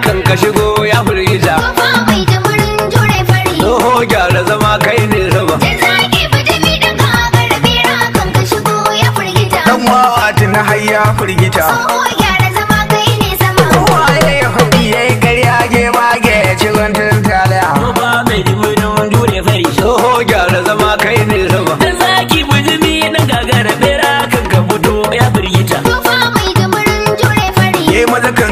kan ka shigo ya firgita tsoho gyara zama kai ne zama dan wawa tuna har ya firgita kowa ya yi hobi ya yi karya je mage ya ci guntun taliya tsoho gyara zama kai ne zama dan zaki bujimi dan gagara bera kan ka ya firgita maza kan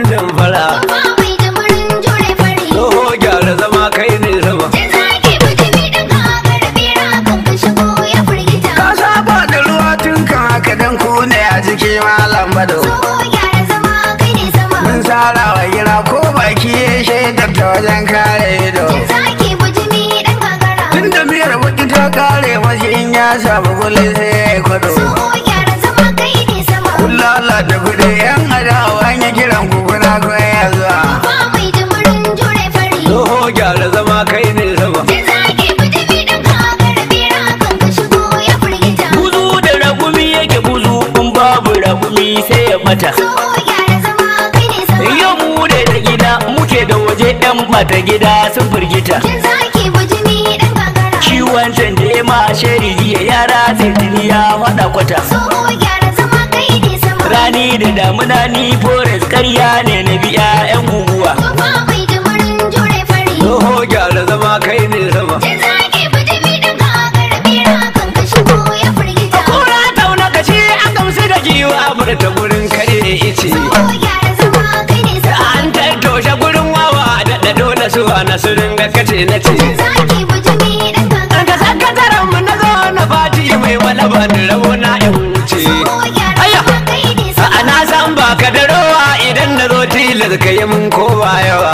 wajen kare ido sake bujimi dan gagara tun da miyar baki ta kare mashi in ya samu kullum sai ya yi kwado su gyara zama kai ne sama Kullala da kuɗi yan adawa an yi kiran ku kuna koyar zuwa yan mata gida sun firgita kin zaki bujini dan gagara ciwon can da ma ya yara sai duniya wada kwata rani da damuna ni forest karya ne na biya na su ringa kace na ce daga sakataren mu na zo na fati mai wala ban rabo na ya wuce aya a na san baka da rawa idan na zo tilas ka yi mun kowa yawa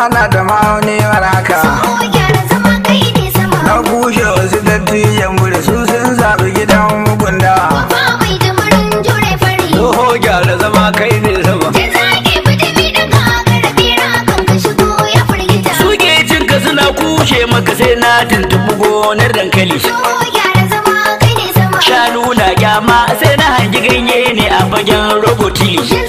Ana da ma'auni waraka na kushe wasu dattijan buri su sun zaɓi gidan mugunda Oho gyara zama kai ne sama Suke cinka suna kushe maka sai na tuntubi gonar dankali Shanu na gyama sai na hangi ganye ne a fagen robotili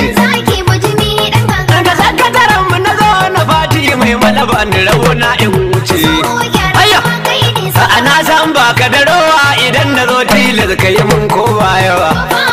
ni rauna in wuce ayya a na san baka da rawa idan na zo tilas ka yi mun ko yawa